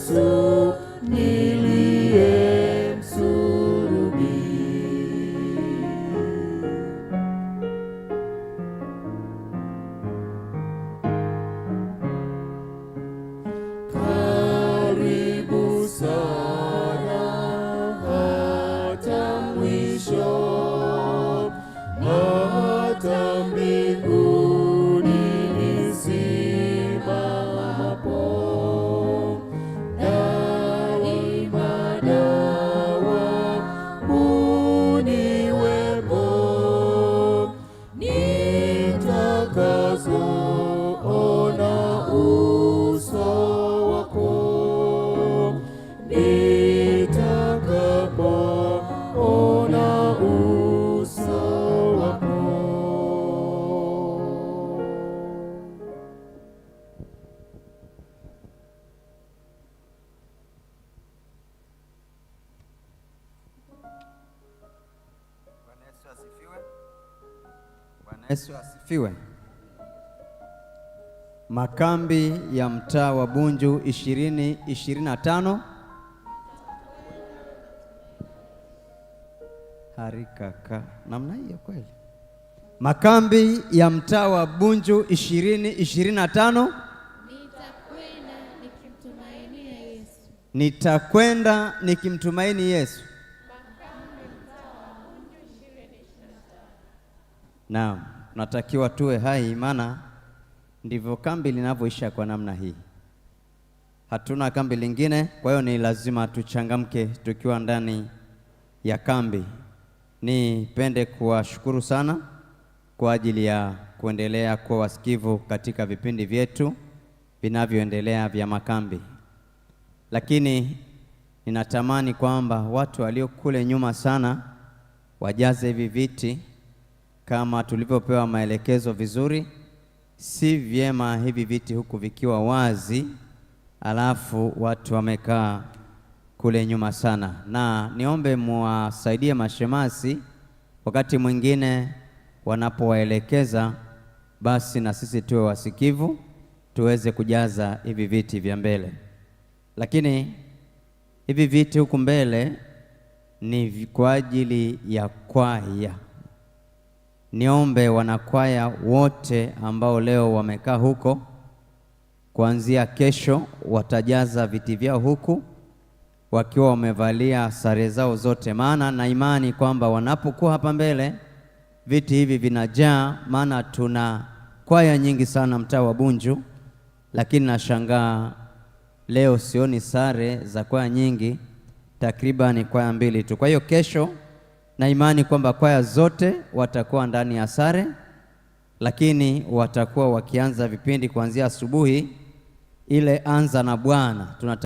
Jesus. Bwana Yesu asifiwe. Makambi ya mtaa wa Bunju 2025 harikaka namna hiyo kweli. Makambi ya mtaa wa Bunju 2025 nitakwenda nikimtumaini Yesu. Naam, natakiwa tuwe hai, maana ndivyo kambi linavyoisha kwa namna hii. Hatuna kambi lingine, kwa hiyo ni lazima tuchangamke tukiwa ndani ya kambi. Nipende kuwashukuru sana kwa ajili ya kuendelea kuwa wasikivu katika vipindi vyetu vinavyoendelea vya makambi, lakini ninatamani kwamba watu walio kule nyuma sana wajaze hivi viti kama tulivyopewa maelekezo vizuri, si vyema hivi viti huku vikiwa wazi alafu watu wamekaa kule nyuma sana, na niombe muwasaidie mashemasi wakati mwingine wanapowaelekeza, basi na sisi tuwe wasikivu tuweze kujaza hivi viti vya mbele. Lakini hivi viti huku mbele ni kwa ajili ya kwaya. Niombe wanakwaya wote ambao leo wamekaa huko, kuanzia kesho watajaza viti vyao huku wakiwa wamevalia sare zao zote, maana na imani kwamba wanapokuwa hapa mbele viti hivi vinajaa, maana tuna kwaya nyingi sana mtaa wa Bunju, lakini nashangaa leo sioni sare za kwaya nyingi, takribani kwaya mbili tu. Kwa hiyo kesho na imani kwamba kwaya zote watakuwa ndani ya sare, lakini watakuwa wakianza vipindi kuanzia asubuhi ile anza na Bwana tuna